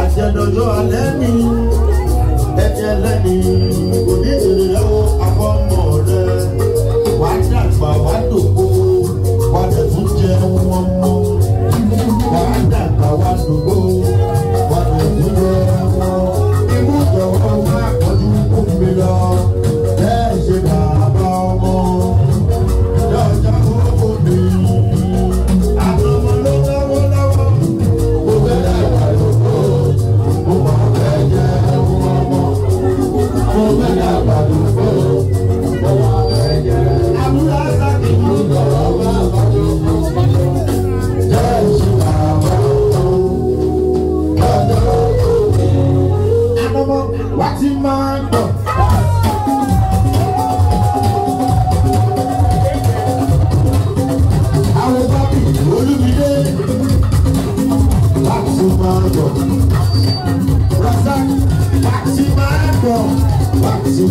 àjẹdọjọ alẹ́ mi ẹ̀jẹ̀ lẹ́ni.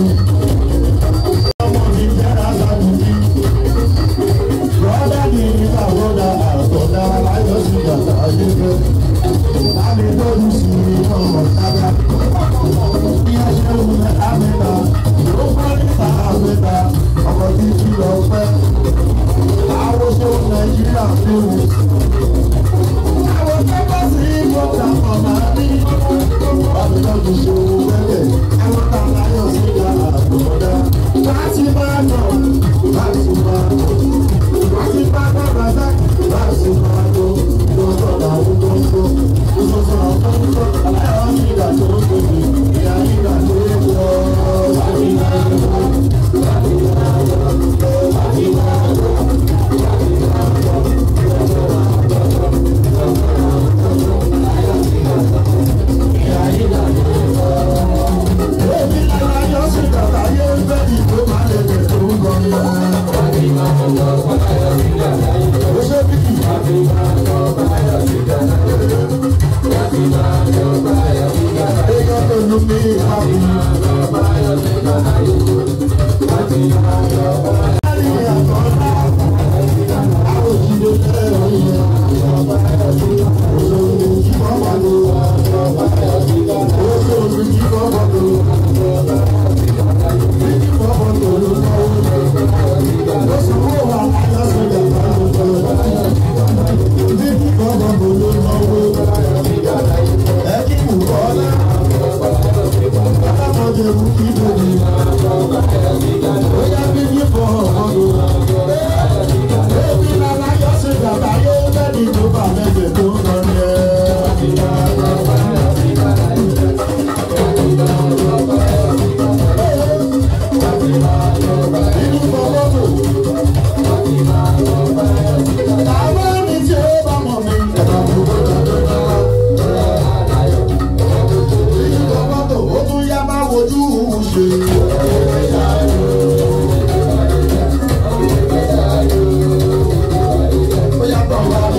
Música